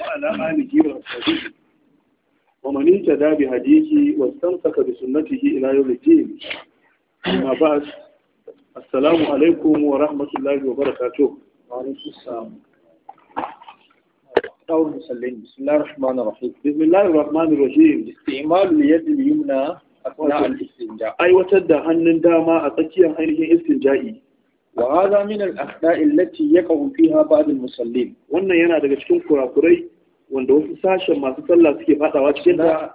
وعلى آله وصحبه ومن اهتدى بهديه واستمسك بسنته إلى يوم الدين أما بعد السلام عليكم ورحمة الله وبركاته وعليكم السلام أو المسلمين بسم الله الرحمن الرحيم بسم الله الرحمن الرحيم استعمال اليد اليمنى أثناء الاستنجاء أي وتد هنن داما أتكيا هنه استنجائي wa hadha min al akhda'i allati yaqau fiha ba'd al musallin wannan yana daga cikin kurakurai wanda wasu sashen masu sallah suke fadawa cikin da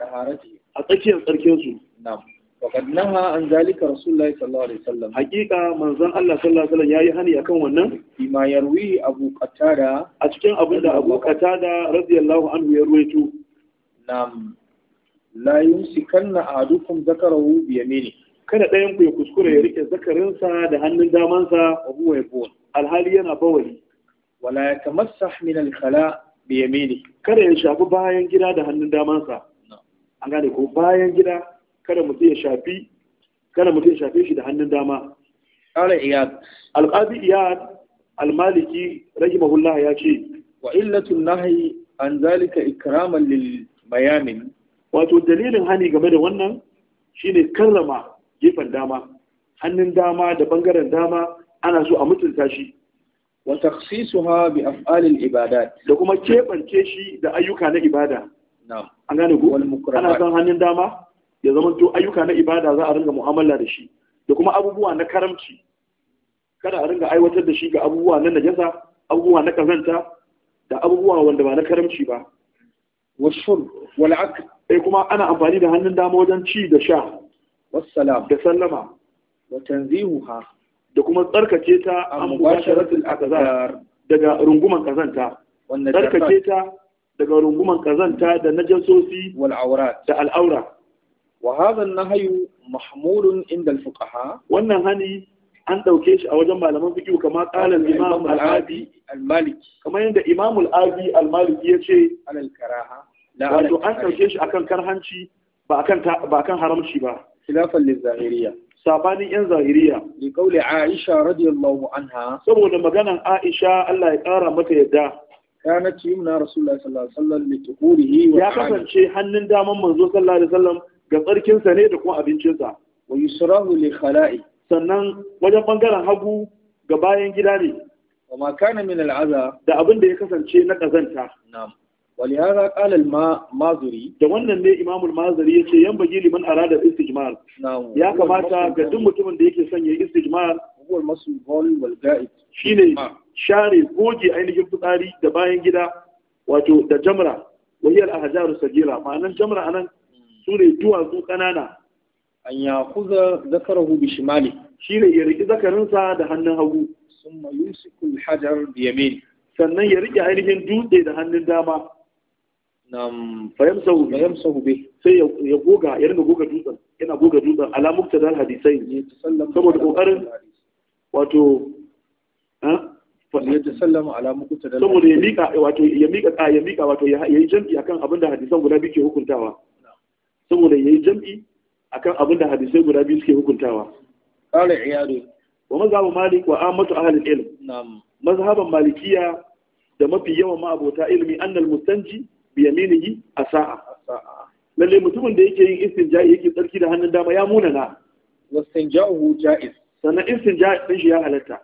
a tsakiyar tsarkin su na'am faqad naha an zalika rasulullahi sallallahu alaihi wasallam haqiqa manzan Allah sallallahu alaihi wasallam yayi hani akan wannan bima yarwi abu qatada a cikin abin da abu qatada radiyallahu anhu ya ruwaito na'am la yumsikanna ahadukum zakarahu bi yaminihi kada ɗayan ku ya kuskura ya rike zakarinsa da hannun damansa wa huwa yabun alhali yana bawali wala yatamassah min alkhala khala bi yamini kada ya shafi bayan gida da hannun damansa an gane ko bayan gida kada mutum ya shafi kada mutum ya shafe shi da hannun dama qala iyad al iyad almaliki rahimahullah ya ce wa illatu nahyi an zalika ikraman lil mayamin wato dalilin hani game da wannan shine karrama gefen dama hannun dama da bangaren dama ana so a mutunta shi wa takhsisuha bi af'alil ibadat da kuma kebance shi da ayyuka na ibada na'am an gane ku ana son hannun dama ya zama to ayyuka na ibada za a ringa mu'amala da shi da kuma abubuwa na karamci kada a ringa aiwatar da shi ga abubuwa na najasa abubuwa na kazanta da abubuwa wanda ba na karamci ba washur wal akl eh kuma ana amfani da hannun dama wajen ci da sha wassalam da sallama wa tanzihuha da kuma tsarkace ta a mubasharatul daga runguman kazanta tsarkace ta daga runguman kazanta da najasosi wal da al'aura wa hadha an-nahyu inda al wannan hani an ɗauke shi a wajen malaman fiqh kama yadda imam al al-maliki yace wato an shi akan karhanci ba ba akan haramci ba khilafan lil zahiriya sabanin yan zahiriya li kauli aisha radiyallahu anha saboda maganan aisha Allah ya kara mata yadda kanat yumna rasulullahi sallallahu alaihi wasallam li tuhurihi wa ya kasance hannun daman manzo sallallahu alaihi wasallam ga tsarkin sa ne da kuma abincin sa wa yusrahu li khala'i sannan wajen bangaren hagu ga bayan gida ne wa ma kana min al'aza da abin da ya kasance na kazanta na'am ولهذا قال المازري da wannan ne imamul mazari yace yan bagi liman arada istijmar ya kamata ga duk mutumin da yake son ya istijmar huwa masbul wal ga'id shine share goge ainihin fitsari da bayan gida wato da jamra wahiyar ahjaru sajira ma'anan jamra anan sune duwatsu kanana an ya kuza zakarahu bi shimali shine ya riki zakarinsa da hannun hagu summa yumsiku al hajar bi yamin sannan ya riƙe ainihin dutse da hannun dama fayamsahu fayamsahu bi sai ya goga ya ringa goga dutsen yana goga dutsen ala muktadal hadisai ne saboda kokarin wato ya tasallama saboda ya wato ya ya mika wato ya yi jam'i akan abin da hadisan guda biyu ke hukuntawa saboda ya yi jam'i akan abin da hadisai guda biyu suke hukuntawa qala iyadu wa malik wa amatu ahli ilm na'am mazhaban malikiya da mafi yawan ma'abota ilmi annal yi a sa'a lalle mutumin da yake yin istinja'i yake tsarki da hannun dama ya munana wastinja'uhu ja'iz sannan istinja'i ɗin shi ya halatta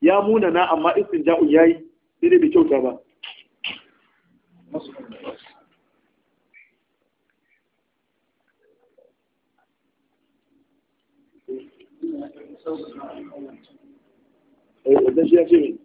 ya munana amma istinja'u yi, sai dai bai kyauta ba Eh, wajen shi ya ce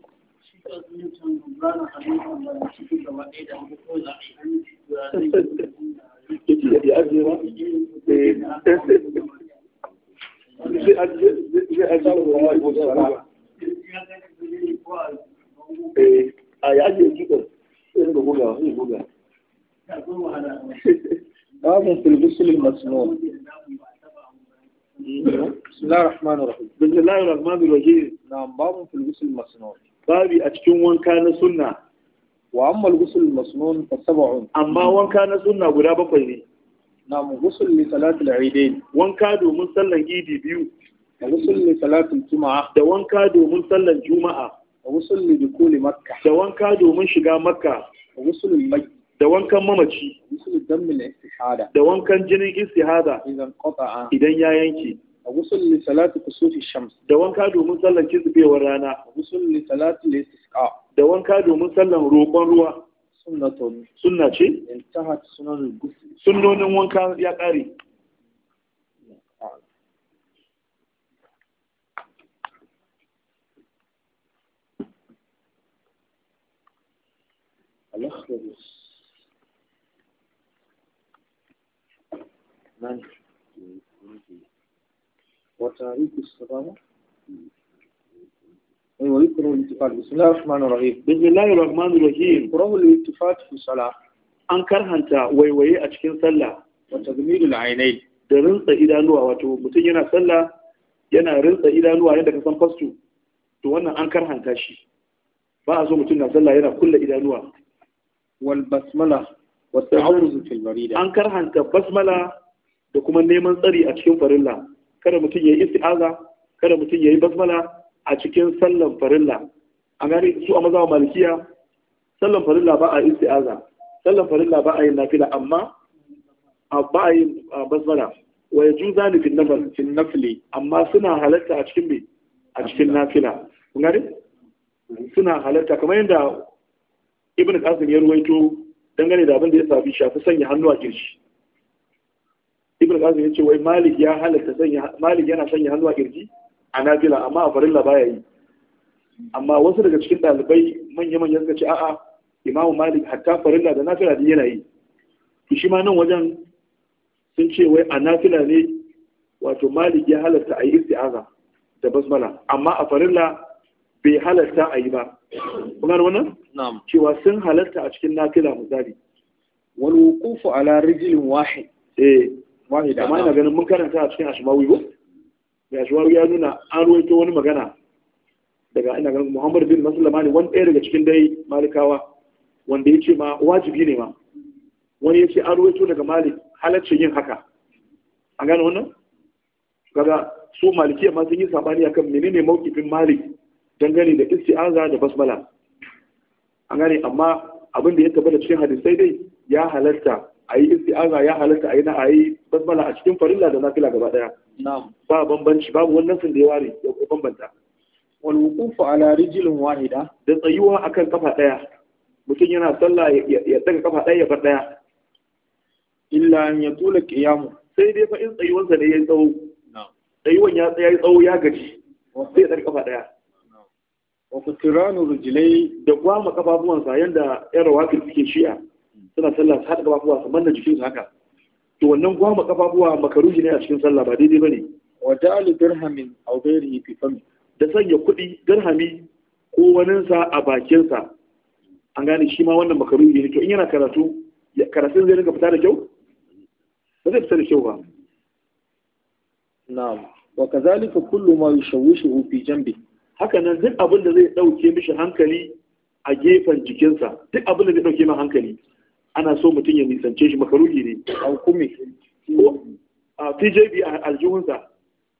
في الغسل المسنون بسم الله الرحمن الرحيم بسم الله الرحمن الرحيم نعم باب في الغسل المسنون babi a cikin wanka na sunna wa amma al-ghusl masnun fa sab'un amma wanka na sunna guda bakwai ne na mu ghusl li salatil eidain wanka domin sallan idi biyu da ghusl li salatil juma'a da wanka domin sallan juma'a da ghusl li dukuli makka da wanka domin shiga makka da ghusl mai da wankan mamaci ghusl dammi istihada da wankan jinin istihada idan qata'a idan ya yanke a gusul li salati kusufi shams da wanka domin sallan kizbewar rana a gusul li salati listisqa da wanka domin sallan roƙon ruwa sunnatun sunna ce intahat sunanul gusul sunnonin wanka ya ƙare الأخضر من وتاريخ الصدامة ويكره الاتفاق بسم الله الرحمن الرحيم بسم الله الرحمن الرحيم يكره الاتفاق في الصلاة an karhanta waiwaye a cikin sallah wata gumilul ainai da rinsa idanuwa wato mutum yana sallah yana rinsa idanuwa yadda ka san fasto to wannan an karhanta shi ba a so mutum na sallah yana kulla idanuwa wal basmala wa ta'awuzu fil an basmala da kuma neman tsari a cikin farilla kada mutum ya yi isti'aza kada mutum ya yi basmala a cikin sallan farilla a gani su a mazawa malikiya sallan farilla ba a isti'aza sallan farilla ba a yin nafila amma ba a yin basmala wa yaju zani fil nafil fil nafli amma suna halatta a cikin me a cikin nafila kun gani suna halatta kamar yadda ibn qasim ya ruwaito dangane da abin da ya shafi shafi sanya hannu a kirshi ibn qasim yace wai malik ya halatta sanya malik yana sanya hannu a kirji a nafila amma a farilla baya yi amma wasu daga cikin dalibai manya manya suka ce a'a imam malik hatta farilla da nafila din yana yi to shi ma nan wajen sun ce wai a nafila ne wato malik ya halatta a yi isti'aza da basmala amma a farilla bai halatta a yi ba kuma wannan na'am cewa sun halatta a cikin nafila misali wal wuqufu ala rijlin wahid eh wahida amma ina ganin mun karanta a cikin ashmawi ko da ashmawi ya nuna an ruwaito wani magana daga ina ganin Muhammadu bin Maslama ne wani ɗaya daga cikin dai Malikawa wanda ya ce ma wajibi ne ma wani ya ce an ruwaito daga Malik halarci yin haka an gane wannan kaga su malikiya ma sun yi sabani akan menene mawkifin Malik dangane da isti'aza da basmala an gane amma abin da ya tabbata cikin hadisai dai ya halarta a yi isti'aza ya halatta a yi na a yi basmala a cikin farilla da nafila gaba daya ba bambanci babu wannan sun da ya ware ya bambanta wal wuqufu ala rijlin wahida da tsayuwa akan kafa daya mutum yana sallah ya daga kafa daya ya bar daya illa an yatula qiyamu sai dai fa in tsayuwansa ne yi tsawo tsayuwan ya tsaya tsawo ya gaji sai ya daga kafa daya wa kutiranu rijlai da gwama kafafuwansa yanda yarawa suke shi'a suna sallah su haɗa kafafuwa su manna jikinsu haka to wannan gwama kafafuwa makaruhi ne a cikin sallah ba daidai bane wa da'alu dirhamin aw ghairihi fi fami da sanya kuɗi dirhami ko waninsa a bakinsa an gane shi ma wannan makaruhi ne to in yana karatu karatun zai rinka fita da kyau ba zai fita da kyau ba na'am wa kazalika kullu ma yushawishu fi janbi haka nan duk abin da zai dauke mishi hankali a gefen jikinsa duk abin da zai dauke mishi hankali ana so mutum ya nisance shi makaruhi ne a hukumi a TJB a aljihunsa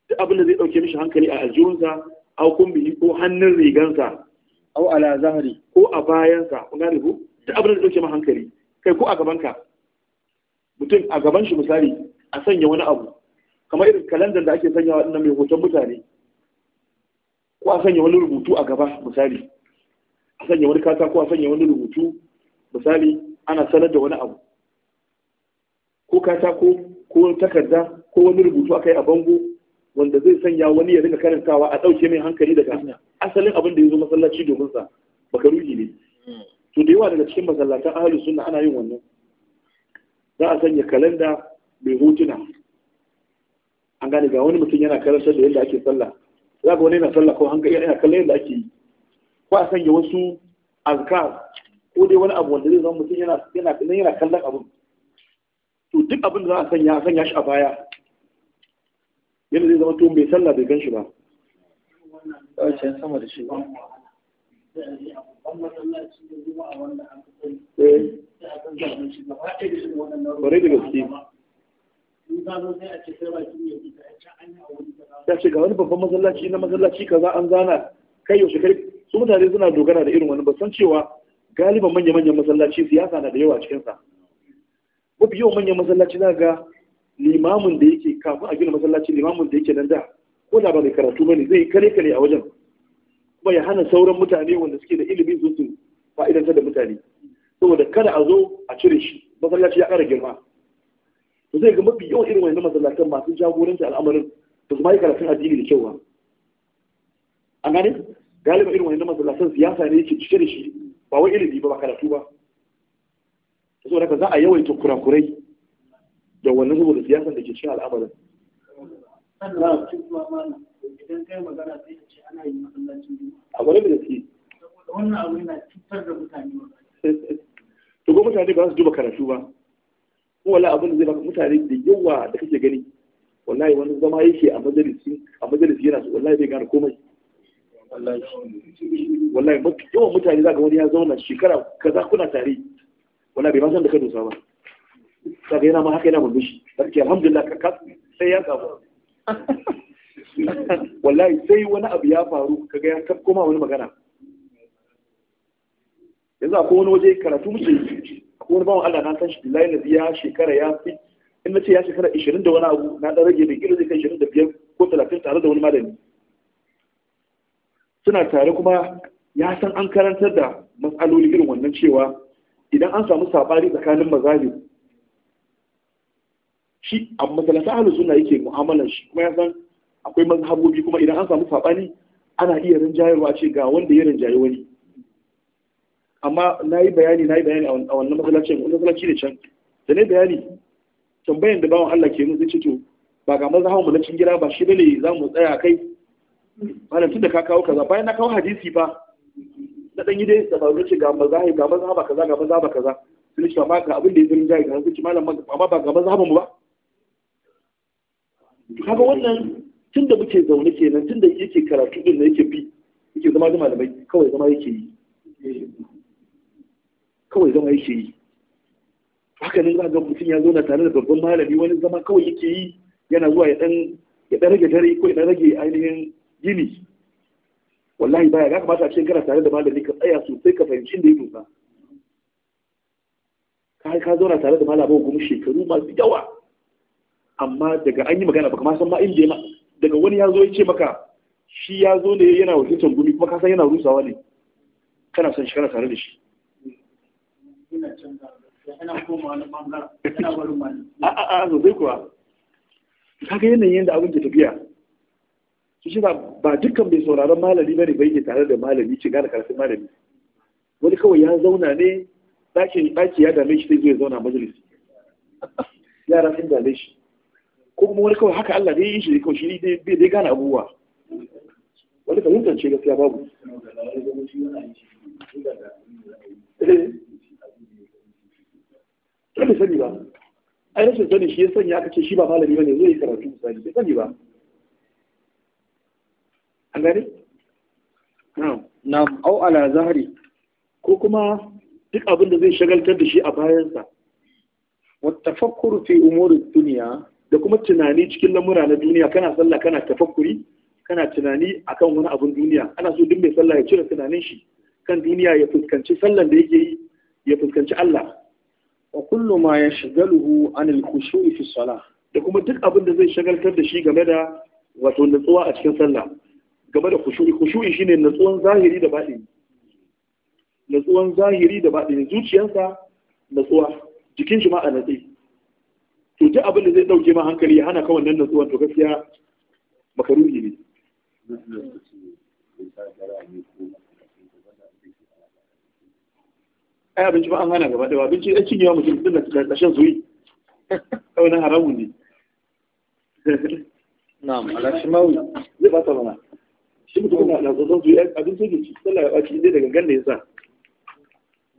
duk abin da zai dauke mishi hankali a aljihunsa a hukumi ko hannun rigansa au ala zahari ko a bayansa kun gane ko duk abin da zai dauke mishi hankali kai ko a gabanka mutum a gaban shi misali a sanya wani abu kamar irin kalandar da ake sanyawa ɗin mai hoton mutane ko a sanya wani rubutu a gaba misali a sanya wani kasa ko a sanya wani rubutu misali ana sanar da wani abu ko katako ko takarda ko wani rubutu aka yi a bango wanda zai sanya wani ya dinga karantawa a ɗauke mai hankali daga asalin abin da ya zo masallaci domin sa baka ruhi ne hmm. to da yawa daga cikin masallatan ahlus sunna ana yin wannan za a sanya kalanda mai hotuna an gane ga wani mutum yana karantar da yadda ake sallah za ga wani yana sallah ko hankali yana kallon yadda ake yi ko a sanya wasu azkar ko dai wani abu wanda zai zama mutum yana yana yana kallon abun to duk abin da za a sanya sanya shi a baya yana zai zama to bai salla bai gan shi ba ɗaukin sama da shi ba eh. Kwarai da gaske. Ya ce ga wani babban masallaci na masallaci kaza an zana kai yaushe kai su mutane suna dogara da irin wani basan cewa galiban manya-manyan masallaci siyasa na da yawa cikinsa mafi yawan manyan masallaci za ga limamin da yake kafin a gina masallaci limamin da yake nan da ko da ba mai karatu ba ne zai kare kare a wajen kuma ya hana sauran mutane wanda suke da ilimin su su fa'idanta da mutane saboda kada a zo a cire shi masallaci ya ƙara girma to zai ga mafi yawan irin wannan masallatan masu jagoranci al'amarin ba su ma yi karatun addini da kyau ba an gane galiban irin wannan masallatan siyasa ne yake cike da shi ba wai ilimi ba ba karatu ba so daga za a yawaita kurakurai da wannan saboda siyasan da ke cin al'amarin idan kai magana sai ce ana a gwada da ke wannan abu yana cutar da mutane mutane ba su duba karatu ba ko wala abin da zai baka mutane da yawa da kake gani wallahi wani zama yake a majalisi a majalisi yana su wallahi bai gane komai wallahi yawan mutane za ga wani ya zauna shekara kaza kuna tare wallahi bai ma san da ka dosa ba ga yana ma haka yana murmushi barki alhamdulillah ka sai ya samu wallahi sai wani abu ya faru kaga ya kaf koma wani magana yanzu akwai wani waje karatu muke akwai wani bawan Allah na san shi billahi na ya shekara ya fi in na ce ya shekara 20 da wani abu na dan rage da kila zai kai 25 ko 30 tare da wani malami suna tare kuma ya san an karantar da matsaloli irin wannan cewa idan an samu sabari tsakanin mazali shi a masalata ahlu suna yake mu'amalar shi kuma ya san akwai mazhabobi kuma idan an samu sabani ana iya rinjayarwa ce ga wanda ya rinjayi wani amma na yi bayani na yi bayani a wannan masalacin wani masalaci ne can da na yi bayani tambayan da bawan Allah ke nuna zai ce to ba ga mazhabanmu na cin gida ba shi bane za mu tsaya kai malam tun da ka kawo kaza bayan na kawo hadisi ba na dan yi dai da bazu ce ga mazhabi ga mazhaba kaza ga ba kaza sun ce ma ga abin da ya zirin jayi ga zuci malam amma ba ga maza ba kaga wannan tun da muke zaune kenan tun da yake karatu din da yake bi yake zama da malamai kawai zama yake yi kawai zama yake yi haka ne za ga mutum ya zauna tare da babban malami wani zama kawai yake yi yana zuwa ya dan ya dan rage dare ko ya dan rage ainihin gini wallahi baya ga kamata a cikin kana tare da malami ka tsaya sosai ka fahimci da ya ka ka zauna tare da malamin gumi shekaru masu yawa amma daga an yi magana ba kamar san ma inda ma daga wani ya zo ya ce maka shi ya zo ne yana wakiltar gumi kuma ka san yana rusawa ne kana son shi kana tare da shi Ina ina Ina a'a a sosai kuwa kaga yanayin da abin ke tafiya su shi ba dukkan mai sauraron malami bane bai ke tare da malami shiga da karfin malami wani kawai ya zauna ne ɗakin ɗaki ya dame shi sai zai zauna majalisi yara sun dame shi ko kuma wani kawai haka Allah ne yi shi kawai shi ne bai dai gane abubuwa wani fahimtar ce gaskiya babu Kada eh. sani ba, ai rashin sani shi ya sanya aka ce shi ba malami ne zai yi karatu misali, bai sani ba. an gari? na au ala zahari ko kuma duk abin da zai shagaltar da shi a bayansa wattafakkuru fi umuri duniya da kuma tunani cikin lamura na duniya kana sallah kana tafakkuri kana tunani akan wani abin duniya ana so duk mai sallah ya cire tunanin shi kan duniya ya fuskanci sallan da yake yi ya fuskanci Allah wa kullu ma yashghaluhu anil khushu'i fi salah da kuma duk abin da zai shagaltar da shi game da wato nutsuwa a cikin sallah game da kushu'i kushu'i shine natsuwan zahiri da baɗi. natsuwan zahiri da baɗi. zuciyarsa natsuwa jikin shi ma a natsi to ji abin da zai dauke ma hankali ya hana ka wannan natsuwan to gaskiya makaruhi ne ai abinci ba an hana gaba da abinci ya cinye wa mutum din da ƙarshen zuwi kawai na haramun ne na'am alashimawi zai ba ta bana shi mutum na da sosan su abin soke ci sallah ya ɓaci zai daga gan da ya sa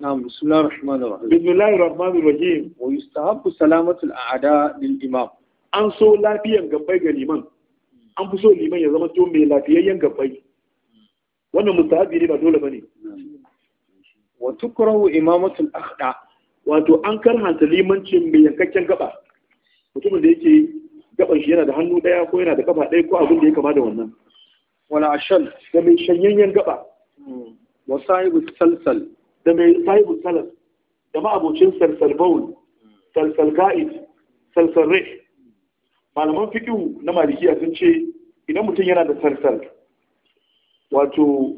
نعم بسم الله الرحمن الرحيم بسم الله الرحمن الرحيم ويستحب سلامة an so lafiyan gabbai ga liman an fi so liman ya zama to mai lafiyayyen gabbai wannan mustahabi ne ba dole bane wa tukrahu imamatul akhda wato an karhanta limancin mai yankakken gaba mutumin da yake gaban shi yana da hannu daya ko yana da kafa daya ko abin da ya kama da wannan wala ashal da mai shanyayyen gaba wa sahibu salsal da mai sahibu salas da ma'abocin salsal baul salsal ga'id salsal rai malaman fiqhu na malikiya sun ce idan mutum yana da salsal wato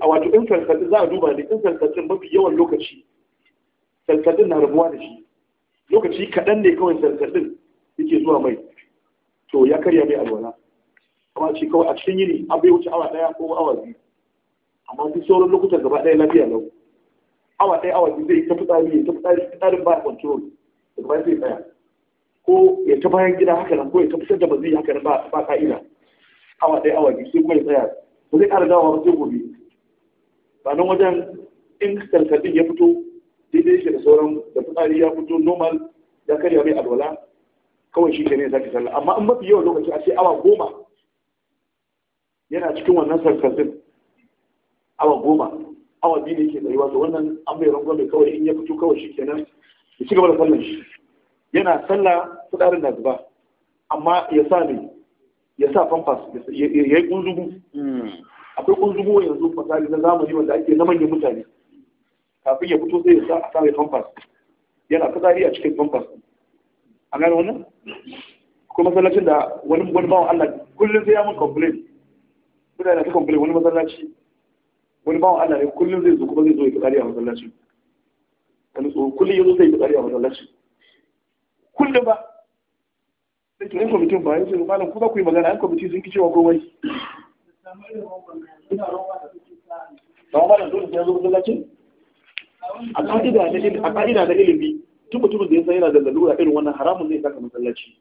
a wato in salsalin za a duba da in salsalin mafi yawan lokaci salsalin na rabuwa da shi lokaci kaɗan ne kawai salsalin yake zuwa mai to ya karya mai alwala amma ce kawai a cikin yini an bai wuce awa ɗaya ko awa biyu amma duk sauran lokutan gaba ɗaya lafiya lau awa ɗaya awa biyu zai ta fitsari ta fitsari fitsarin ba control da ba zai tsaya ko ya ta bayan gida haka nan ko ya ta fitar da zai haka nan ba ka'ida awa ɗaya awa biyu sai kuma ya tsaya ba zai ƙara dawowa sai gobe ba nan wajen in karkadin ya fito daidai shi da sauran da fitsari ya fito normal ya karya mai alwala kawai shi ke ne zaki sallah amma in mafi yawan lokaci a ce awa goma yana cikin wannan sarkasin awa goma awa biyu ne ke tsaye to wannan an bai mai kawai in ya fito kawai shi kenan ya ci gaba da sallan shi yana sallah fitarin na zuba amma ya sa ne ya sa famfas ya yi kunzugu hmm. akwai kunzugu yanzu fasali na zamani wanda ake na manyan mutane kafin ya fito sai ya sa a sa mai famfas yana fitsari a cikin famfas a gane wannan kuma masallacin da wani wani bawan Allah kullum sai ya mun complain suna da kan bule wani masallaci wani bawan Allah ne kullum zai zo kuma zai zo ya fitsari a masallaci wani tsoro kullum ya zo zai fitsari a masallaci kullum ba sai tunan kwamitin ba ya ce malam ku za ku yi magana an kwamiti sun ki cewa komai ba ma da dole sai zo masallacin a ka'ida na ilimi tun mutumin da ya san yana da lalura irin wannan haramun zai saka masallaci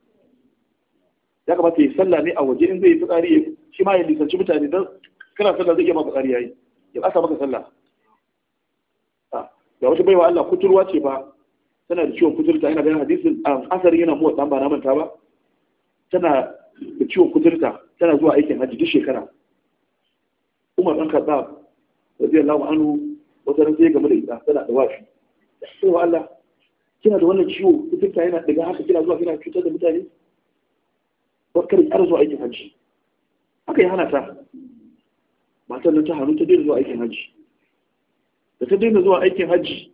ya kamata ya sallah ne a waje in zai yi fitsari shi ma ya lisanci mutane don kana sallah zai iya maka tsari yayi ya ƙasa maka sallah da ah, wata baiwa Allah kuturwa ce ba tana da ciwon kuturta ina ganin hadisin ah, asarin yana mu ɗan ba na manta ba tana da ciwon kuturta tana zuwa aikin hajji duk shekara umar ɗan kaza radiyallahu anhu wata ran sai game da ita tana da wafi sai wa Allah kina da wannan ciwo kuturta yana daga haka kina zuwa kina cutar da mutane bakkar ƙara zuwa aikin hajji aka ya hana ta matan nan ta hannu ta daina zuwa aikin hajji da ta daina zuwa aikin hajji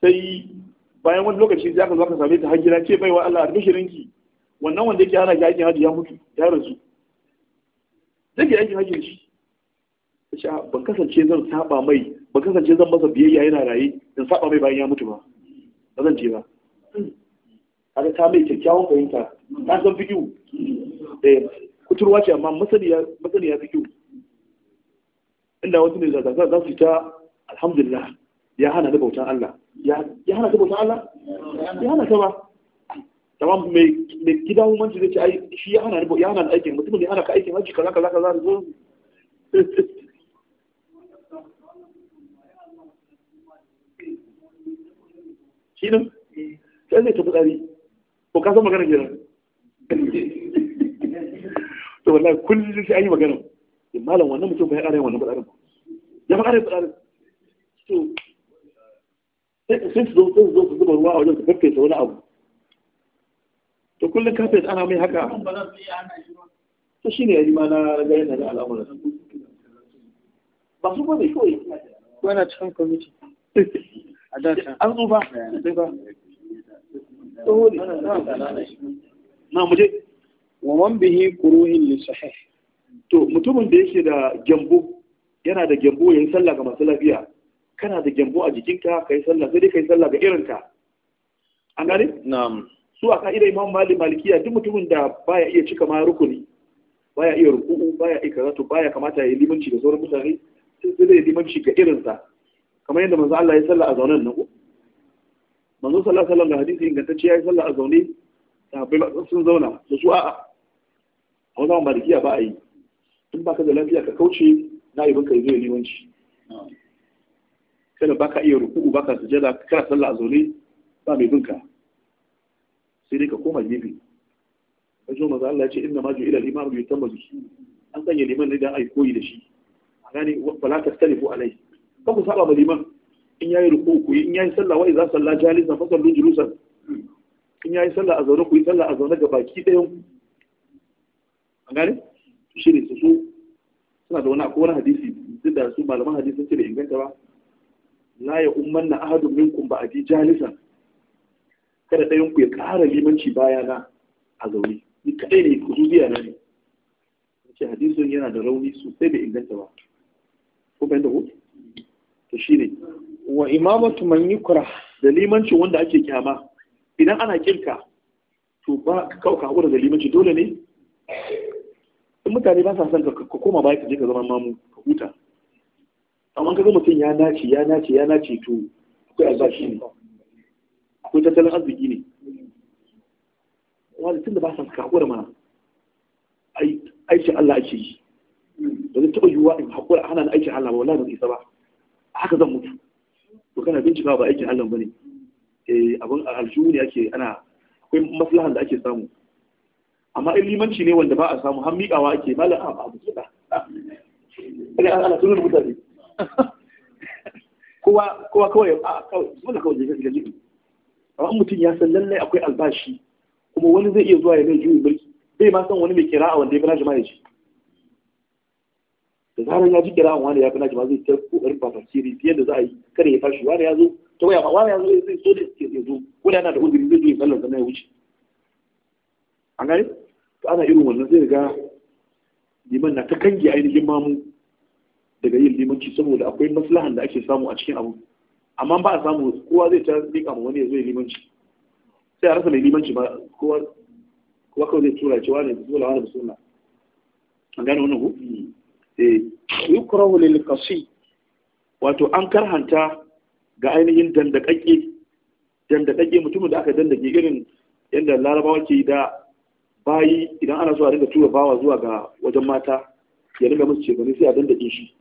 sai bayan wani lokaci za ka zo ka same ta hajjira ce baiwa Allah albishirinki wannan wanda yake hana ki aikin hajji ya mutu ya rasu take aikin hajji shi ta ban kasance zan saba mai ban kasance zan masa biyayya yana raye in saba mai bayan ya mutu ba ba zan je ba Aka ta mai kyakkyawan fahimta ta san biyu. kuturwa ce amma masaniya fi kyau inda wasu ne za su ta alhamdulillah ya hana da bautan Allah ya hana da bautan Allah ya hana ta ba tamam mai gida hukumanci zai ce shi ya hana ya hana aikin mutumin ne hana ka aikin haji kaza kaza kaza zo shi nan sai zai tafi tsari ko ka san magana kenan to wallahi kullum sai ayi magana in eh, malam wannan mutum bai ƙara wannan fadarin ya ba ƙara fadarin to sai su zo su zo su zuba ruwa a wajen su kakkesa wani abu to kullum kafe ana mai haka to shi ne ya ma na yana da al'amuran ba su ba ne kawai yana cikin kwamiti a data an ba to ne na muje wa man bihi quruhin li sahih to mutumin da yake da gyambo yana da gyambo yayin sallah ga masu lafiya kana da gyambo a jikinka kai sallah sai dai kai sallah ga irinka an gane na'am su a ida imam malik malikiya duk mutumin da baya iya cika ma rukuni baya iya ruku'u baya iya kaza to baya kamata ya yi limanci da sauran mutane sai sai ya limanci ga irinsa kamar yadda manzo Allah ya sallah a zaunan nan ko manzo sallallahu alaihi wasallam da hadisi ingantacce ya yi sallah a zaune sahabbai sun zauna da su a'a a wani malikiya ba a yi in baka da lafiya ka kauce na ibin ka zo ya liwanci kada baka iya ruku'u baka sujada kana sallah a zaune ba mai binka sai dai ka koma gefe wajen maza Allah ya ce inna ma ju'ila al-imam bi yutamma bihi an sanya liman ne dan ai koyi da shi a gane wala tastalifu alai kan ku saba ma liman in yayi ruku ku in yayi sallah wa idza salla jalisan fa sallu julusan in yayi sallah a zaune ku yi sallah a zaune ga baki ɗayan an gane shi ne su suna da wani akwai hadisi duk da su malaman hadisin ce da inganta ba la ya umman na ahadun minkum ba a ji jalisan kada ɗayan ku ya ƙara limanci bayana a zaune ni kaɗai ne ku zubiya na ne ce hadisin yana da rauni sosai da inganta ba ko bai da hutu to shi ne wa imamatu man yukra da limancin wanda ake kyama idan ana kirka to ba ka kauka hakura da limanci dole ne in mutane ba sa son ka koma baya ka je ka zama mamu ka huta amma ka zama sun ya nace ya nace ya nace to akwai albashi ne akwai tattalin arziki ne wanda tun da ba sa ka haƙura mana aikin Allah ake yi ba zai taɓa yiwuwa in haƙura hana na aikin Allah ba wala da isa ba haka zan mutu to kana bincika ba aikin Allah ba ne eh, abin aljihu ne ake ana akwai maslahan da ake samu amma in limanci ne wanda ba a samu har miƙawa ake mala a ba buƙata ina ana tunan mutane kowa kowa kawai a kawai wanda kawai jirgin gaji amma in mutum ya san lallai akwai albashi kuma wani zai iya zuwa ya mai juyin mulki bai ma san wani mai kira'a wanda ya fi nashi ya ci da zarar ya ji kira'an wani ya fi nashi ma zai ta kokarin ba tafsiri fiye da za a yi kada ya fashi wani ya zo ta waya ba wani ya zo zai so da ya zo ko da yana da uzuri zai zo ya sallar sannan ya wuce an gane. to ana irin wannan zai ga liman na ta kange ainihin mamu daga yin limanci saboda akwai maslahan da ake samu a cikin abu amma ba a samu kowa zai ta rika ma wani ya zo ya limanci sai a rasa mai limanci ba kowa kowa kawai zai tura cewa ne zuwa wani sunna an gane wannan ku mm. eh yukrahu lil qasi wato an karhanta ga ainihin dandakakke dandakakke mutumin da aka dandake irin yadda larabawa ke da bayi idan ana so a dinga tura bawa zuwa ga wajen mata ya dinga musu gani sai a dandake shi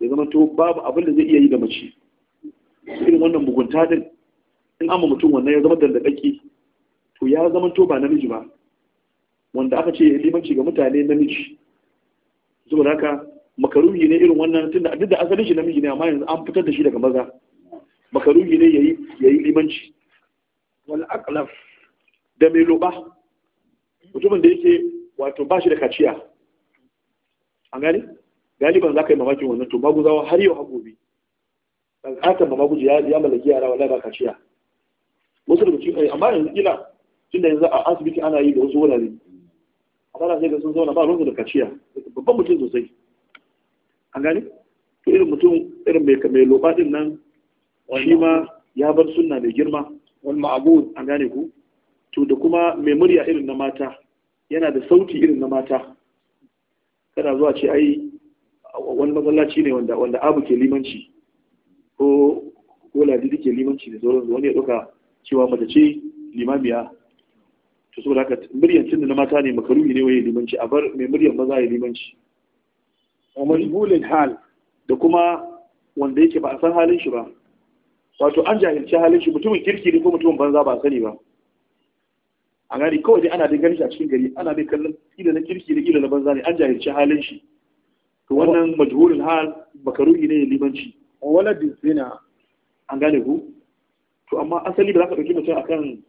ya zama to babu abin da zai iya yi da mace irin wannan mugunta din in amma mutum wannan ya zama dandakaki to ya zama to ba namiji ba wanda aka ce limanci ga mutane namiji saboda haka makaruhi ne irin wannan tunda duk da asalin shi namiji ne amma yanzu an fitar da shi daga maza makaruhi ne yayi yayi limanci wal aqlaf da mai loba mutumin da yake wato ba shi da kaciya an gani galiban za ka yi mamakin wannan to maguzawa har yau har gobe ɗan mamaguji ya mallaki yara wallahi ba kaciya wasu mutum cikin eh, amma yanzu kila tunda yanzu a asibiti ana yi da wasu wurare amma sai ga sun zauna ba ruwansu da kaciya babban mutum sosai an gani to irin mutum irin mai mai loba din nan shi ma ya bar sunna mai girma wal ma'bud an gane ku to da kuma mai murya irin na mata yana da sauti irin na mata kana zuwa ce ai wani matsalaci ne wanda wanda abu ke limanci ko ko ladidi ke limanci da sauransu wani ya ɗauka cewa mace ce limamiya to saboda haka muryan tunda na mata ne makarumi ne waye limanci a bar mai muryan maza ya limanci A majhulul hal da kuma wanda yake ba a san halin shi ba wato an jahilci halin shi mutumin kirki ne ko mutumin banza ba a sani ba a gari kawai dai ana da ganin shi a cikin gari ana dai kallon kila na kirki da ila na banza ne an jahilci halin shi to wannan majhulul hal makaruhi ne limanci waladin zina an gane ku to amma asali ba za ka dauki mutum akan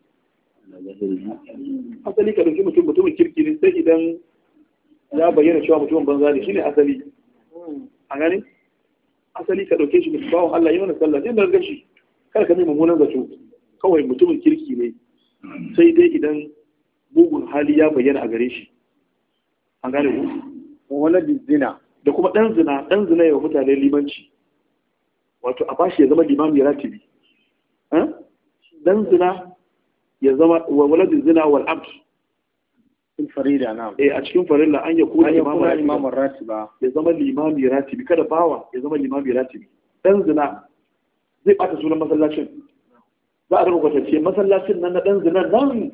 asali ka dauki mutum mutumin kirki ne sai idan ya bayyana cewa mutumin banza ne shine asali a gane asali ka dauke shi mutum bawon Allah yi mana sallah din da gashi kar ka mai mummunan zato kawai mutumin kirki ne sai dai idan mugun hali ya bayyana a gare shi an gane ku wani zina da kuma ɗan zina ɗan zina yawa mutane limanci wato a bashi ya zama ya ratibi eh? ɗan zina ya zama wa waladin zina wal abd in farida na eh a cikin farilla an ya kuma imamu ratiba ya zama limami ratibi kada bawa ya zama limami ratibi ɗan zina zai ɓata sunan masallacin za a rika kwatance masallacin nan na ɗan zina nan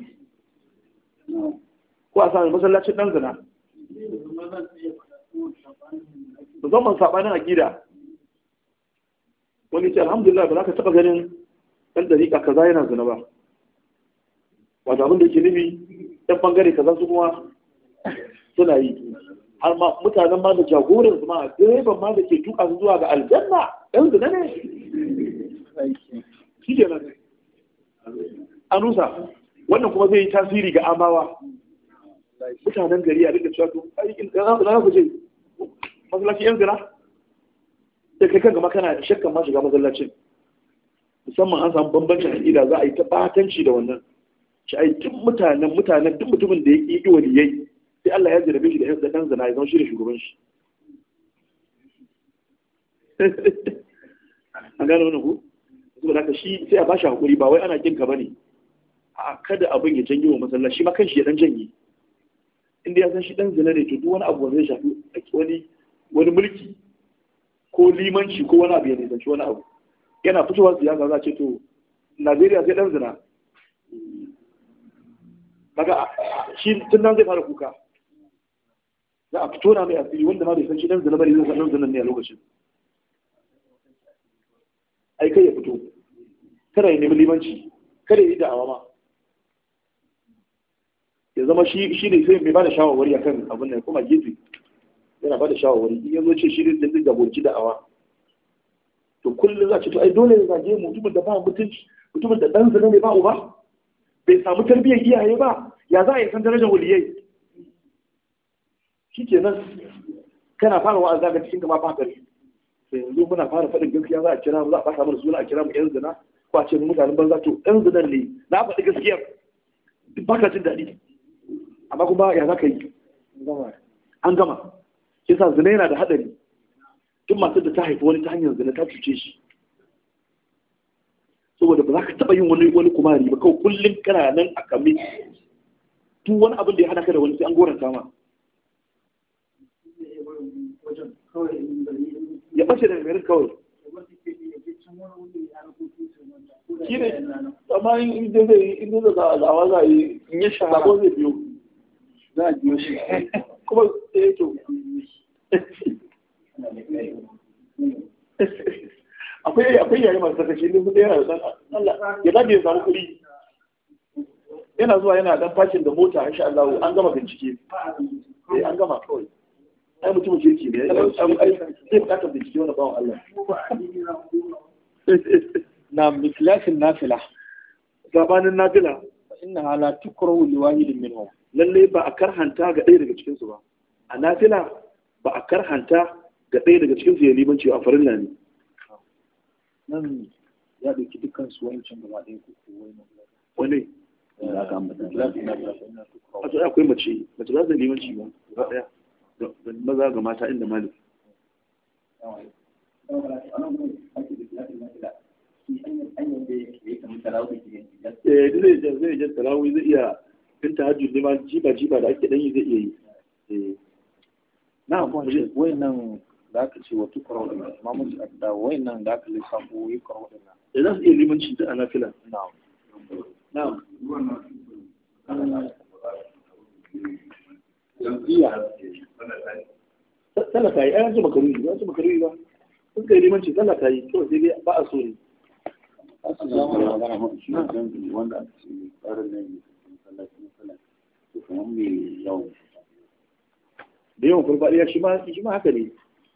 ko a sami masallacin ɗan zina musamman saɓanin aƙida wani ce alhamdulillah ba za ka taɓa ganin ɗan dariƙa kaza yana zina ba wata abin da ke nufi ɗan ɓangare kaza su kuma suna yi har ma mutanen ma da jagoran su ma direban ma da ke tuka su zuwa ga aljanna ɗan zina ne shi ke nan anusa wannan kuma zai yi tasiri ga amawa mutanen gari a rika cewa to aikin na za ku je masallaci yan gara da kai kanka makana da shakkan ma shiga masallacin musamman an samu bambancin aƙida za a yi ta batanci da wannan shi ai duk mutanen mutanen duk mutumin da ya ƙi waliyai sai Allah ya jarabe shi da yan zakan zana ya zama shi da shugaban shi an gane wannan ku saboda haka shi sai a bashi hakuri ba wai ana kin ka bane a kada abin ya janyo wa masallaci ma kanshi ya dan janye inda ya san shi dan zina ne to duk wani abu wanda ya shafi wani wani mulki ko limanci ko wani abu ya zanci wani abu yana fitowa ga za a ce to Najeriya sai dan zina daga shi tun nan zai fara kuka za a fito na mai asiri wanda ma bai san shi dan zina bane zai san dan zina ne a lokacin ai kai ya fito kada ya nemi limanci kada ya yi da'awa ma ya zama shi shi ne sai mai bada shawarwari akan abin nan kuma gefe yana bada shawarwari in yanzu ce shi ne da zai gabonci da'awa to kullum za ci to ai dole ya zage mutumin da ba mutunci mutumin da ɗansa ne ba uba bai samu tarbiyyar iyaye ba ya za a yi san darajar waliyai shi ke nan kana fara wa'aza ga cikin gaba fatar yanzu muna fara faɗin gaskiya za a kira mu za a fasa mana suna a kira mu yan zina kwace mutanen banza to ɗan zinan ne na faɗi gaskiyar baka jin daɗi amma kuma ya za ka yi an gama shi sa zina yana da haɗari tun masu da ta haifi wani ta hanyar zina ta cuce shi saboda ba za ka taɓa yin wani wani kumari ba kawai kullum kana nan a kame tun wani abin da ya hana ka da wani sai an goranta ma ya ɓace da kawai shi ne amma in da zai in da za a zawa za a yi in ya shahara ko zai biyo za a biyo shi kuma eh to akwai akwai yayi masu sakaci ne kuma yana da Allah ya dabe samu kuɗi yana zuwa yana dan fashin da mota a sha Allah an gama bincike sai an gama kawai ai mutum kirki ne ai bukatar bincike wani bawan Allah na mikilasin nafila gabanin nafila inna hala tukrahu li wahidin minhum lalle ba a karhanta ga ɗaya daga cikinsu ba a nafila ba a karhanta ga ɗaya daga cikinsu ya limanci a farilla ne nan ya ɗauki dukkan su wancan gaba ɗaya ko wani eh, a to akwai mace mace za ta limanci ba gaba ɗaya maza ga mata inda malik eh zai je zai je tarawih zai iya in tahajjud ne ma jiba jiba da ake yi zai iya yi eh na ba shi wayannan da aka ce wa tukra da imamu shi adda wayannan da aka lissafo yi karwa din nan eh za su iya limanci da anafila na'am na'am iya talaka ai an ji makaruni ba ji makaruni ba sun kai limanci sallah ta yi kawai sai dai ba a so ne da yawan farfaɗiya shi ma shi ma haka ne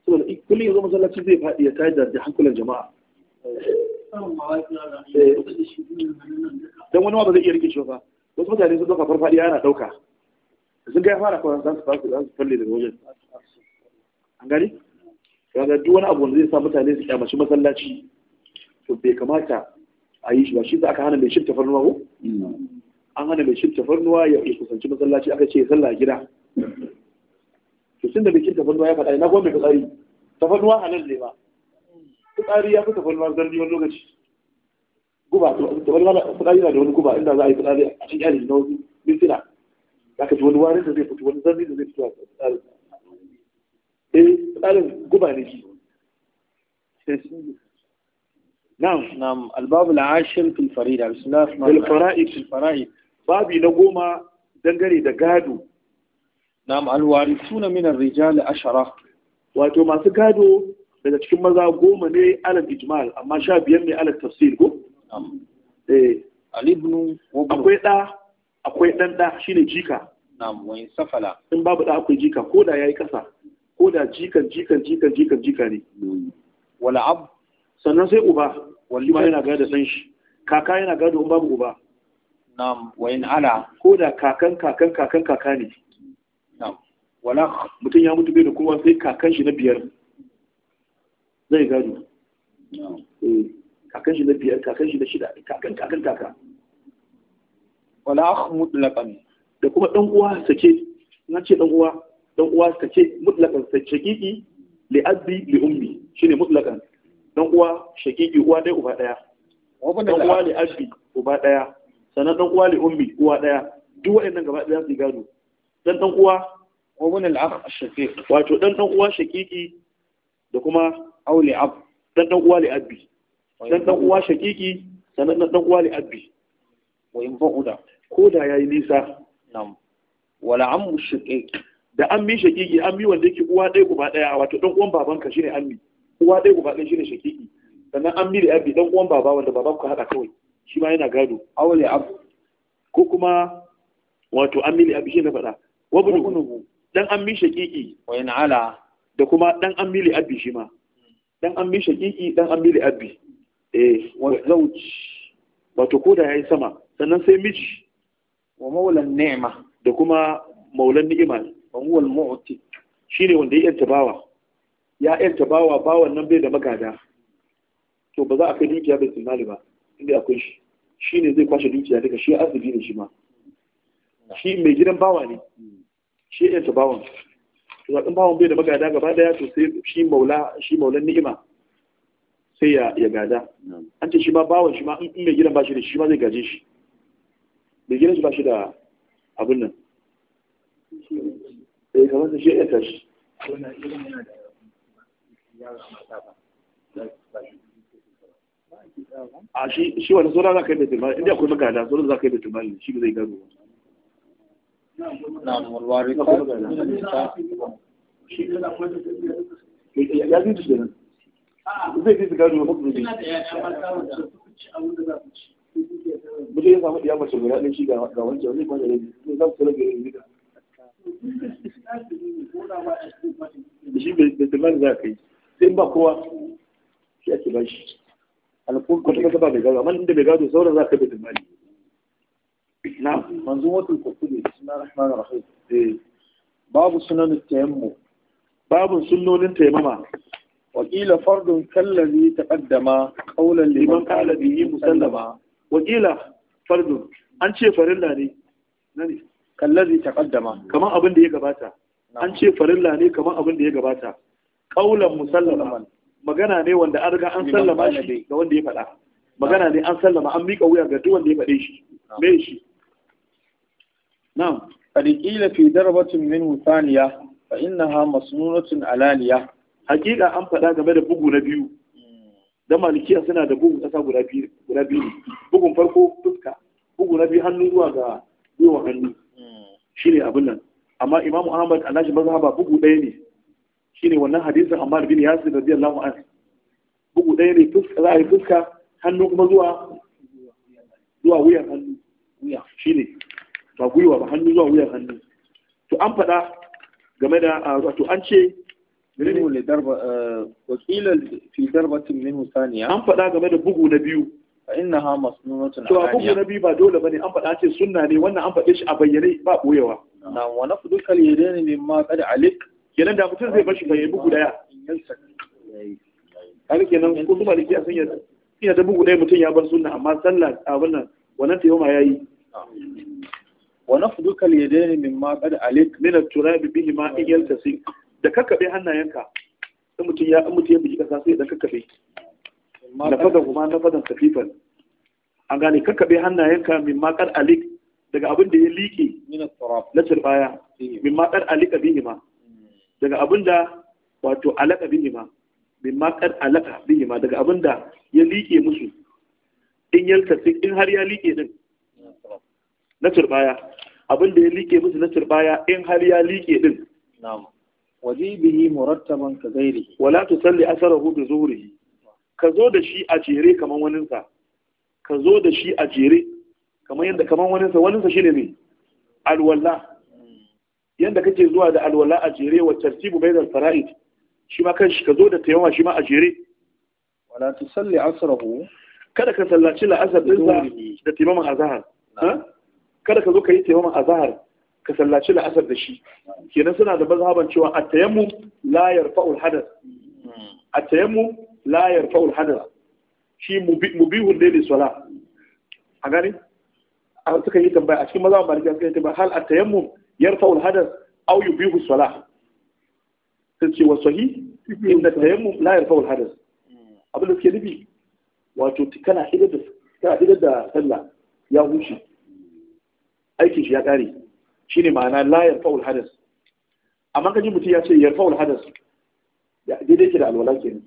saboda kullum zo masallaci zai faɗi ya tayar da hankulan jama'a eh. dan wani ma ba zai iya rike shi ba wasu mutane sun ɗauka farfaɗiya yana ɗauka sun gaya fara kwanan za su falle daga wajen an gani kaga duk wani abu zai sa mutane su kyamashi masallaci to bai kamata a yi shi ba shi za aka hana mai shifta farnuwa ko an hana mai shifta farnuwa ya kusanci masallaci aka ce sallah gida to sun da mai shifta farnuwa ya faɗa na kuma mai fitsari tafarnuwa a nan ne ba fitsari ya fi tafarnuwa zarni wani lokaci guba tafarnuwa fitsari na da wani guba inda za a yi fitsari a cikin yanayi na wasu mintuna za ka ji wani warin da zai fito wani zarni da zai fito a tsarin eh tsarin guba ne shi na'am na'am albabu la'ashin fil farida bismillah fil fara'id fil fara'id babi na goma dangane da gado na'am alwarithuna suna ar Rijali ashara wato masu gado daga cikin maza goma ne alal ijmal amma sha biyar ne alal tafsir ko eh alibnu akwai ɗa. akwai dan da shine jika na'am wa in safala in babu ɗa akwai jika ko da ya yi ƙasa. ko da jikan jikan jikan jikan jika ne mm. wala ab sannan sai uba walli ma yana gada san shi kaka yana gado in babu uba na'am wa in ala ko da kakan kakan kakan kaka ne na'am wala mutum ya mutu bai da kowa sai kakan shi na biyar zai gado eh, kakan shi na biyar kakan shi na shida kakan kakan kaka wala akh mutlaqan da kuma dan uwa sake na ce dan uwa dan uwa suka ce mutlaqan shaqiqi li abi li ummi shine mutlaqan dan uwa shaqiqi uwa dai uba daya dan uwa li abi uba daya sannan dan uwa li ummi uwa daya duk waɗannan gaba daya su gado dan dan uwa ko al akh shaqiq wato dan dan uwa shaqiqi da kuma auli ab dan dan uwa li abi dan dan uwa shaqiqi sannan dan dan uwa li abi wa in ba'uda ko da yayi nisa nam wala ammu shaqiq da an mi shakiki mi wanda yake uwa ɗaya guba ɗaya wato ɗan uwan babanka shine mi. uwa ɗaya guba ɗaya shine shakiki sannan an mi da yabi Ɗan uwan baba wanda baban ku haɗa kawai shi ma yana gado awali ab ko kuma wato an mi da shi shine faɗa wabnu dan an mi shakiki wa in ala da kuma dan mi li abi shi ma dan an mi shakiki dan an mi abi eh wa zawj wato koda yayi sama sannan sai miji wa maulan ni'ma da kuma maulan ni'ima wa huwa shi muti shine wanda ya yanta bawa ya yanta bawa bawan nan bai da magada to ba za a kai dukiya bai tunani ba inda akwai shi shine zai kwashe dukiya daga shi azubi ne shi ma shi mai gidan bawa ne shi ya yanta bawan to zaɓin bawan bai da magada gaba daya to sai shi maula shi maulan ni'ima sai ya gada an ce shi ma bawan shi ma in mai gidan ba shi da shi ma zai gaje shi mai gidan shi ba shi da abin nan eh kamar shi ya tashi a shi shi wani sauran za ka yi inda akwai za ka yi shi zai zai fi mutum ya samu ɗiya mace guda ɗin shi ga wancan wani kwanan ne zai shi bai za ka yi sai ba kowa shi ake ba shi kwata ba gado amma inda gado sauran za ka bai na manzon wata eh. babu sunan tayammu babu sunnonin tayammama wakila fardun kallazi taqaddama qawlan liman kala bihi musallama wakila fardun an ce farilla ne nani kallazi kaddama kamar abin da ya gabata an ce farilla ne kamar abin da ya gabata qaulan musallama magana ne wanda an riga an sallama shi ga wanda ya faɗa magana ne an sallama an miƙa wuya ga duk wanda ya faɗe shi me shi na'am qila fi darbatin minhu thaniya fa innaha masnunatun alaliya hakika an faɗa game da bugu na biyu hmm. dan malikiya suna da bugu ta guda biyu guda biyu bugun farko fuska bugu na biyu hannu zuwa ga gwiwa hannu shi ne abin nan amma imam muhammad a nashi mazhaba bugu ɗaya ne shi ne wannan hadisin amma bin yasir radiyallahu anhu bugu ɗaya ne za a yi fuska hannu kuma zuwa zuwa wuyan hannu shi ne ba gwiwa ba hannu zuwa wuyan hannu to an faɗa game da wato an ce minhu li darba eh, wa qila fi darbatin minhu thaniya an faɗa game da bugu na biyu fa innaha masnunatun na biyu ba dole ne, an faɗa ce sunna ne wannan an faɗe shi a bayyane ba boyewa na wa nafdu kal yadaini mimma qad alik kenan da mutum zai bashi bayyane bugu daya har kenan ko su maliki a sanya ina da bugu daya mutum ya bar sunna amma sallah a wannan wannan tayyama yayi wa nafdu kal yadaini mimma qad alik min at-turab bihi ma in da kakkabe hannayenka mutum ya in mutum kasa sai da kakkabe nafada kuma nafadan safifan an gane kakkabe hannayenka min makar alik daga abin da ya liƙe na turbaya min makar alika bihi ma hmm. daga abin da wato alaka bihi ma min makar alaka bihi ma daga abin da ya liƙe musu in yaltasik in har ya liƙe din na turbaya abin da ya liƙe musu na turbaya in har ya liƙe din na'am wajibihi murattaban ka gairi wala tusalli asarahu bi zuhrihi ka zo da shi a jere kamar waninsa ka zo da shi a jere kamar yadda kamar waninsa waninsa shine ne alwala yadda kake zuwa da alwala a jere wa tartibu bainal fara'id shi ma kanshi ka zo da tayawa shi ma a jere wala tusalli asrahu kada ka sallaci la'asar din da taimaman azahar. kada ka zo ka yi taimaman azahar, ka sallaci la'asar da shi kenan suna da mazhaban cewa a tayammu la yarfa'ul hadath hmm. a tayammu la yarfa'ul hadara shi mubihun ne li sala a gani a suka yi tambaya a cikin mazan maliki suka yi tambaya hal at-tayammum yarfa'ul hadas aw yubihu sala sai ce wa sahi inda tayammum la yarfa'ul hadas abin da suke nufi wato kana hidar da kana da sallah ya huce aikin shi ya kare shine ma'ana la yarfa'ul hadas amma kaji mutum ya ce yarfa'ul hadas daidai ke da alwala kenan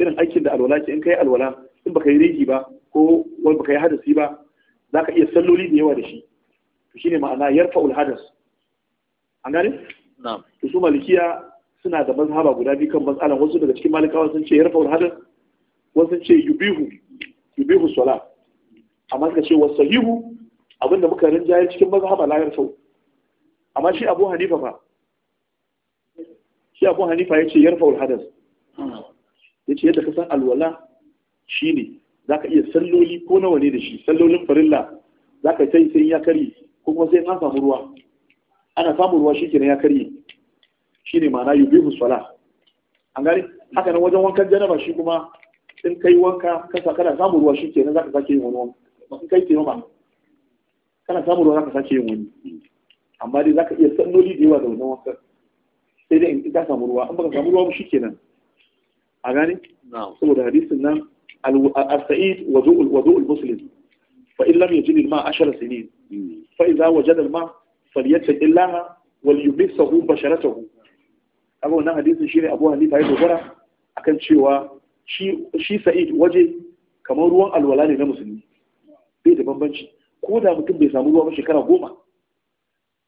irin aikin da alwala ce in kai alwala in baka yi rigi ba ko wani baka yi hadasi ba za ka iya salloli da yawa da shi to shine ma'ana 'yarfa hadas an gane na'am to su malikiya suna da mazhaba guda biyu kan matsalan wasu daga cikin malikawa sun ce 'yarfa hadas wasu sun ce yubihu yubihu sala amma suka ce wasahihu abinda muka rinjayar cikin mazhaba la yarfa amma shi Abu Hanifa fa shi Abu Hanifa yace 'yarfa hadas ya ce yadda ka san alwala shi ne za ka iya salloli ko nawa ne da shi sallolin farilla za ka sai sai ya karye ko kuma sai an samu ruwa ana samu ruwa shi kenan ya karye shi ne ma'ana yubihu sala an gani haka nan wajen wankan janaba shi kuma in kai wanka kasa kana samu ruwa shi kenan za ka sake yin wani wanka in kai taimama kana samun ruwa za ka sake yin wani amma dai za ka iya sannoli da yawa da wannan wankan sai dai in ka samu ruwa in baka samu ruwa shi kenan a gane saboda hadisin nan al-sa'id wudu al-muslim fa in lam yajid al-ma 10 sinin hmm. fa idza wajada al-ma falyattaqi Allah wal yumsahu basharatahu kaga wannan hadisin shine Abu Hanifa ya dogara akan cewa shi shi sa'id waje kamar ruwan alwala ne na musulmi bai da bambanci ko da mutum bai samu ruwa ba shekara goma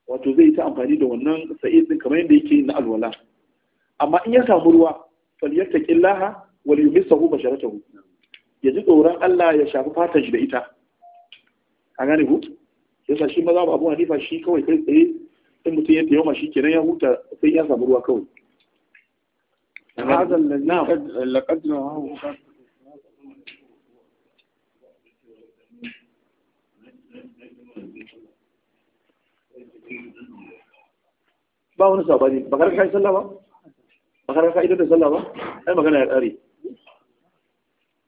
wato zai yi ta amfani da wannan sa'id din kamar yadda yake na alwala amma in ya samu ruwa falyattaqillaha wal yumsahu basharatahu ya ji tsoron Allah ya shafi fatan shi da ita a gane ku sa shi maza ba abu hanifa shi kawai kai tsaye in mutum ya taimama shi kenan ya huta sai ya samu ruwa kawai هذا الذي laqad نواه ba wani sabani bakar kai sallah ba ba ka ka'idar da sallah ba ai magana ya kare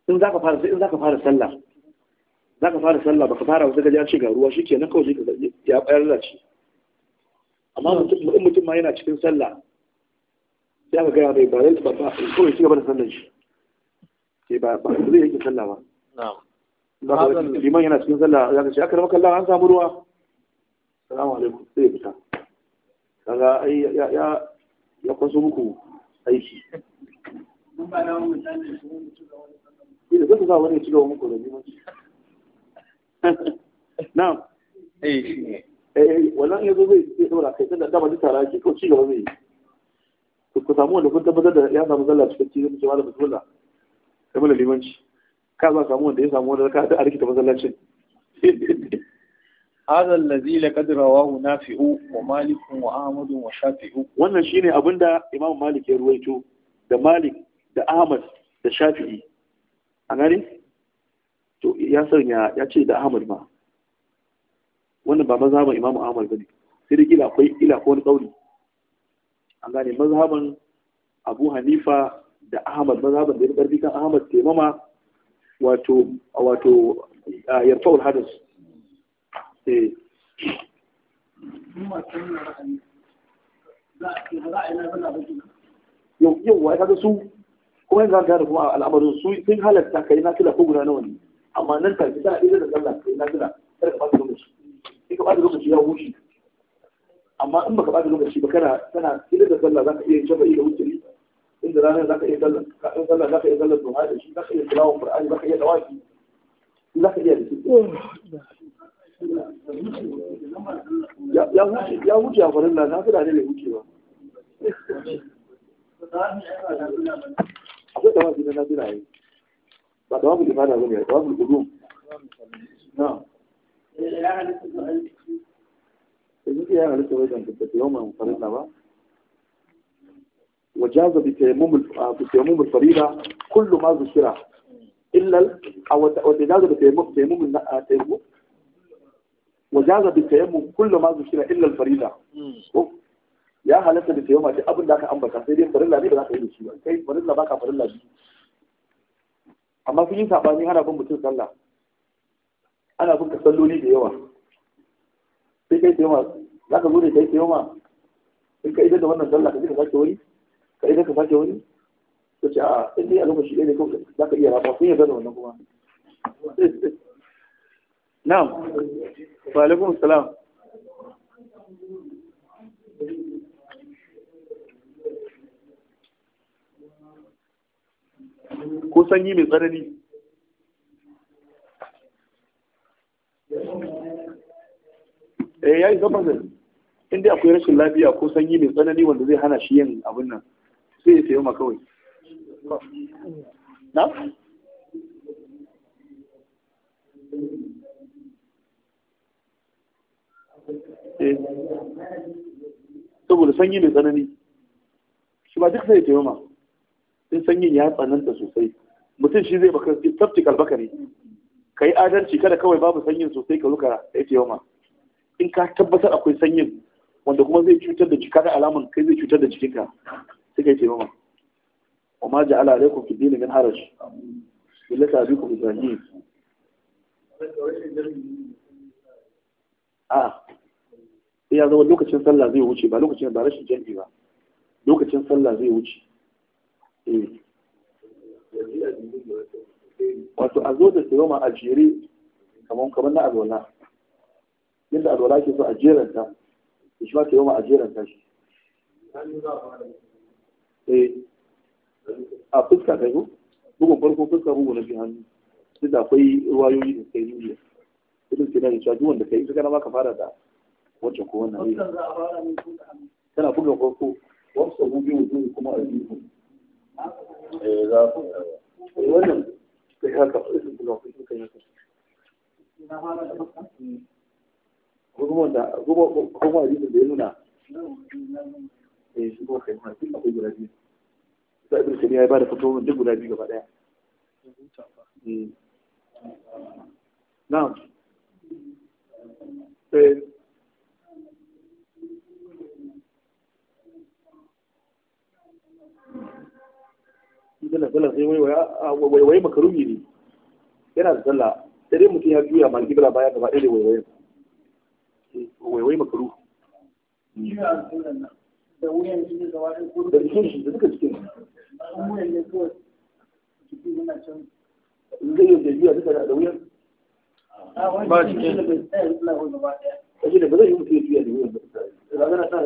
in za ka fara sai in zaka fara sallah za ka fara sallah ba ka fara wata gaji an ce ga ruwa shi ke na kawai ya bayar da shi. amma mutum mutum ma yana cikin sallah Ya ga gaya mai bayan ba ba ko ci gaba da sallah shi ke ba ba zai yi sallah ba na'am liman yana cikin sallah ya ce aka rama kallon an samu ruwa salamu alaikum sai ya fita kaga ai ya ya kwaso muku aiki da kuka sa wani cigaba muku da limanci na'am eh shi ne eh, eh wannan yazo zai zai saboda kai tunda dama duk tara ki ko cigaba zai ku samu wanda kun tabbatar da ya samu zalla cikin cikin cewa da bismillah kai mana limanci ka za samu wanda ya samu wanda ka da arkita masallacin هذا الذي لقد رواه نافع ومالك وأحمد وشافعي wannan shine abinda Imam Malik ya ruwaito da Malik da Ahmad da Shafi'i a gare to ya sanya ya ce da Ahmad ma wannan ba mazhaban Imam Ahmad bane sai da kila akwai kila ko wani kauli an gane mazhaban Abu Hanifa da Ahmad mazhaban da ya karbi kan Ahmad taimama wato wato yarfa'ul hadith Eh. yauwa ya su kuma yanzu an da kuma al'amarin su sun halatta yi na kila ko guda nawa ne amma nan ta tafi tana ɗaya da sallah yi na kila kada ka bata lokaci in ka bata lokaci ya wuce amma in baka bata lokaci ba kana tana ɗaya da sallah ka iya shafa'i da wuturi inda ranar za ka iya sallah in sallah zaka iya sallah duha da shi za ka iya tilawon za ka iya dawaki ka iya da shi ya wuce a farin na nafila ne bai wuce ba akwai tawafi na nafila ne ba tawafi limana ba ne tawafi gudun na ya halitta wajen tabbata yau mai farin na ba وجاز بتيمم الفريضة كل ما ذكره إلا أو وجاز بتيمم wajaza bi tayammum kullu ma zushira illa al-farida hmm. ya halatta da tayammum duk abin da aka ambata sai dai farilla ne ba za ka yi da shi ba kai farilla ka farilla biyu amma sun yi sabani ana bin mutum sallah ana bin ka salloli da yawa sai kai tayammum za ka zo da kai tayammum sai ka idan da wannan sallah ka ji ka sake wuri, ka idan ka sake wuri. to ce a in dai a lokaci ɗaya ne kawai za ka iya rafa sun yarda da wannan kuma na'am wa alaikum salam ko sanyi mai tsanani eh yayi zaman da inda akwai rashin lafiya ko sanyi mai tsanani wanda zai hana shi yin abin nan sai ya sayo ma kawai na Eh. saboda sanyi mai tsanani shi ba duk sai ya taimama in sanyin ya tsananta sosai mutum shi zai baka tafti kalbaka ne ka yi adalci kada kawai babu sanyin sosai ka luka ya taimama in ka tabbatar akwai sanyin wanda kuma zai cutar da jika da alaman kai zai cutar da jikinka sai ka yi taimama wa ma ja'ala alaikum fi dinin min haraj billata abikum ibrahim A'a sai ya zama lokacin sallah zai wuce ba lokacin ba rashin jami'i ba lokacin sallah zai wuce eh. wato a zo da siroma a jere kamar kamar na alwala yadda alwala ke so a jeranta da shi ma siroma a jeranta shi eh. a fuska kai bugun farko fuska bugun na biyu hannu duk da akwai ruwayoyi da sai yi ibn sina ya cewa wanda ka yi suka ma ka fara da wacce ko wannan ne kana buga farko wasu gobe wuzu kuma a yi eh za ku eh, wannan haka buga farko kai haka kuma da kuma kuma da ya nuna eh shi ma duk akwai guda biyu sai ibn fito duk guda biyu gaba daya eh. na'am sallah sallah sai wai wai makarumi ne yana da sallah sai dai mutum ya juya ma gibla baya gaba ɗaya da waiwaye waiwaye makaru da wuyan shi da jikin shi da duka jikin zai yi da juya duka da wuyan ba cikin kaji da ba zai yi mutum ya juya da yiwuwa ba ranar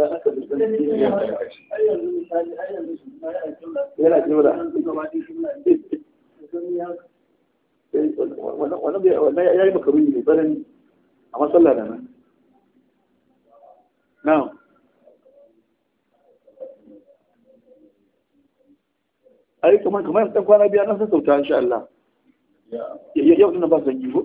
ya a masallah da nan now ai kamar kamar dan kwana biya nan sun sauta insha Allah yau ina ba san yi ko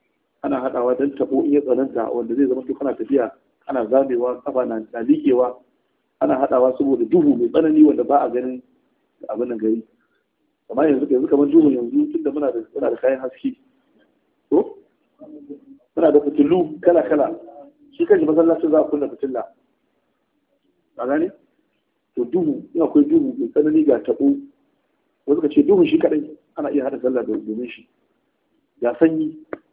ana haɗawa don tabo iya tsananta wanda zai zama kana tafiya ana zamewa kafa na liƙewa ana haɗawa saboda duhu mai tsanani wanda ba a ganin abin nan gari amma yanzu yanzu kamar duhu yanzu tunda muna da muna da kayan haske to muna da fitilu kala kala shi kanshi masallacin za a kunna fitilla a gane to duhu in akwai duhu mai tsanani ga tabo wasu ka ce duhun shi kadai ana iya haɗa sallah domin shi ya sanyi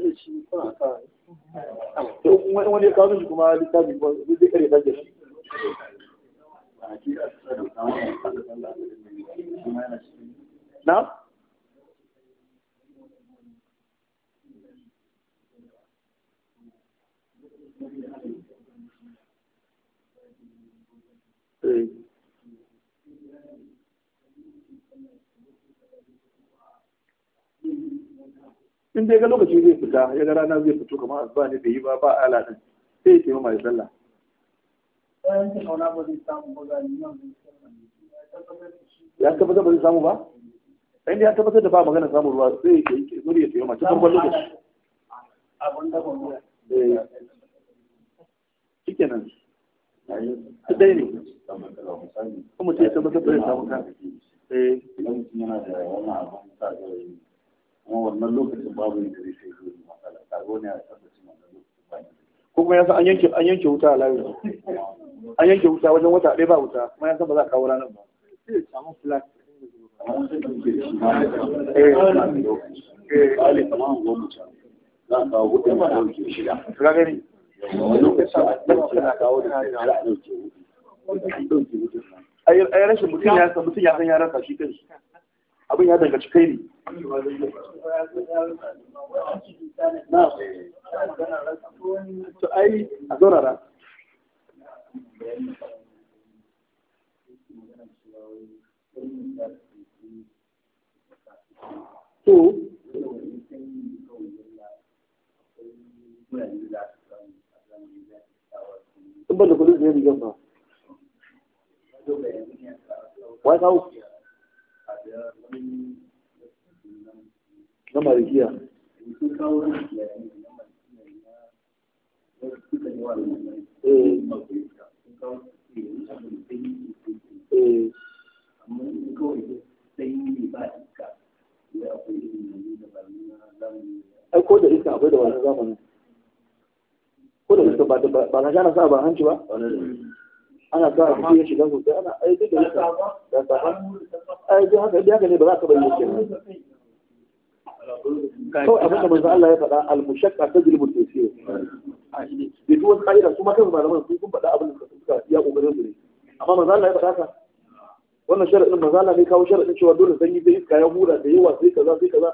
da shi kuna sa wani kawo shi kuma littafi zai kare da shi na Thank eh. you. in dai ga lokaci zai fita ya ga rana zai fito kamar asuba ne bai yi ba ba ala din sai ya taimama ya sallah ya tabbatar ba zai samu ba sai ya tabbatar da ba magana samu ruwa sai ya ke zuri ya taimama cikin farkon lokaci shike nan ta ɗaya ne kuma mutum ya tabbatar da zai samu kan eh idan mutum yana kuma wannan lokacin babu ne zai sai zuwa matsala kago ne a tabbacin wannan lokacin ba kuma ya san an yanke an yanke wuta a layin an yanke wuta wajen wata ɗaya ba wuta kuma ya san ba za a kawo ranar ba samu flat eh. eh. a kawo ai rashin mutum ya san ya san shi abin ya dangaci kai ne to ai a to da kudin da white house na malikiya eh. ai da iska akwai da wani zamanin ko da iska ba na sha na sa ba hanci ba ana sa a ya shiga sosai ana ai duk da yasa da safa ai duk haka haka ne ba za ka bayyana ke kawai abin da manzo Allah ya faɗa al-mushaqqa tajlibu al-taysir bi duk wani kaida su ma kan malaman sun faɗa abin da suka iya kokarin su ne amma manzo Allah ya faɗa ka wannan sharadin manzo Allah ne kawo sharadin cewa dole sanyi zai iska ya hura da yawa sai kaza sai kaza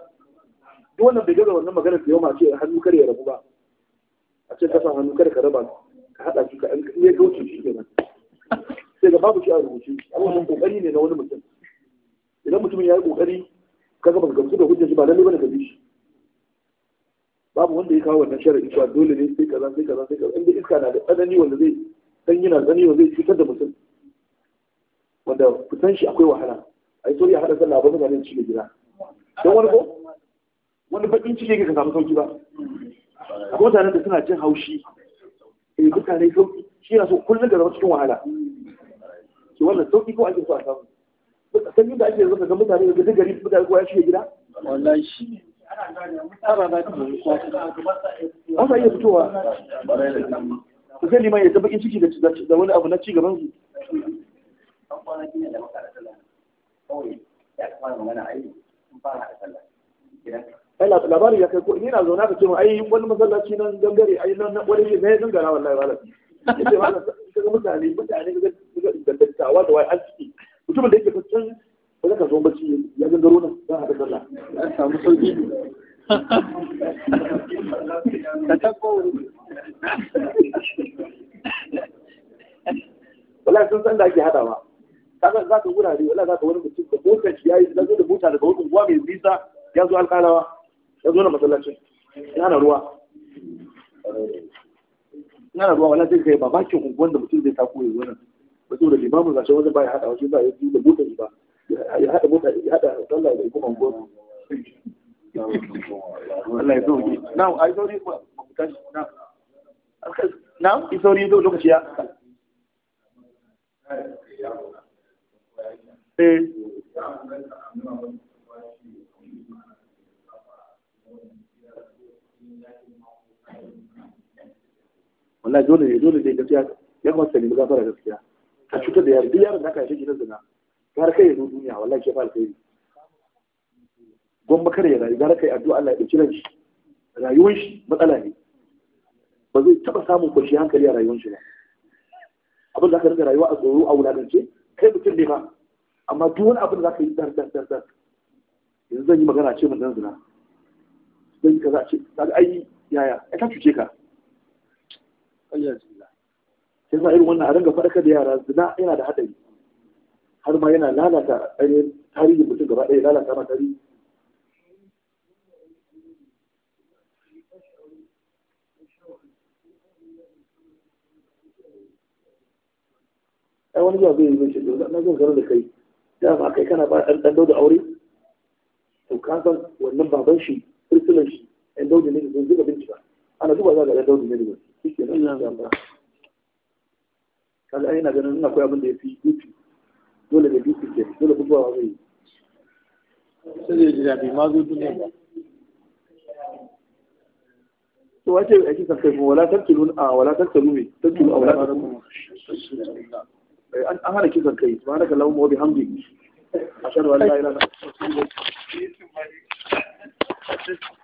duk wannan bai gaza wannan magana da yawa ce hannu kare ya rabu ba a ce ka sa hannu kare ka raba ka haɗa shi ka in ya kauce shi kenan sai ga babu shi a rubuce wannan kokari ne na wani mutum idan mutumin ya yi kokari kaga baka gamsu da hujjar shi ba lalle bane ka bi shi babu wanda ya kawo wannan sharadi cewa dole ne sai kaza sai kaza sai kaza inda iska na da tsanani wanda zai dan yana tsanani wanda zai cutar da mutum wanda fitan shi akwai wahala ai so ya hada sallah ba mutane su shiga gida dan wani ko wani bakin ciki yake ka samu sauki ba akwai mutanen da suna jin haushi eh mutane sauki shi yana so kullum da zama cikin wahala ce wannan sauki ko ake so a samu san da ake zaka ga mutane da duk gari mutane kowa ya shiga gida wallahi shi ne ana na ci ba sa iya fitowa ku sai liman ya tabbakin ciki da wani abu na ci gaban su ai labarin ya kai ko ina zauna ka ce ai wani masallaci nan gangare ai nan wani ne zai gangara wallahi malam kaga mutane mutane ga dattawa da waye arziki mutumin da yake fascan ba zaka zo bacci ya gangaro nan za a haɗa sallah an samu sauki ka tako wallahi sun san da ake haɗawa kaga za ka gura ne wala za ka wani mutum da motar shi yayi da zo da mota daga wani uwa mai nisa ya zo alƙalawa ya zo na masallacin ya na ruwa na ruwa wala zai kai ba bakin unguwan da mutum zai tako ya wannan ba saboda limamin gashi wajen ba ya hada wajen ba ya yi da motar ba ya hada mota ya hada sallah da kuma ya sauke na ai sauri ba mu tashi na na wallahi dole ne dole ne gaskiya ya kuma Sani nemi gafara gaskiya a cutar da yaro duk yaron da aka yi shi gidan zina har kai ya zo duniya wallahi ke fa alkhairi gwamba kare ya rayu gara kai addu'a Allah ya dauki ran rayuwar shi matsala ne ba zai taba samun kwashi hankali a rayuwar shi ba abin da ka rika rayuwa a tsoro a wulakance kai mutum ne ba amma duk wani abin da ka yi dar dar dar dar yanzu zan yi magana a ce mun dan zina zan yi kaza ce kaga ai yaya ya ta cuce ka ƙayyar zina sai sa irin wannan a ringa faɗakar da yara zina yana da haɗari har ma yana lalata ainihin tarihin mutum gaba ɗaya lalata ma tarihi ai wani zuwa zai zai ce na zan zara da kai da ma kai kana ba ɗan ɗan da aure to ka san wannan baban shi firfilan shi ɗan daudu ne da zai bincika ana zuba za ga ɗan daudu ne da shi ke nan kaga ai ina ganin ina koyi abin da ya fi duty dole da duty ke dole bugawa zai yi sai da jira bai ma zo duniya ba to wace a kika kai mu wala tattalu a wala tattalu me? tattalu a wala tattalu eh, an hana kisan kai ba allahumma wa bihamdika ashhadu an la ilaha illa anta astaghfiruka wa atubu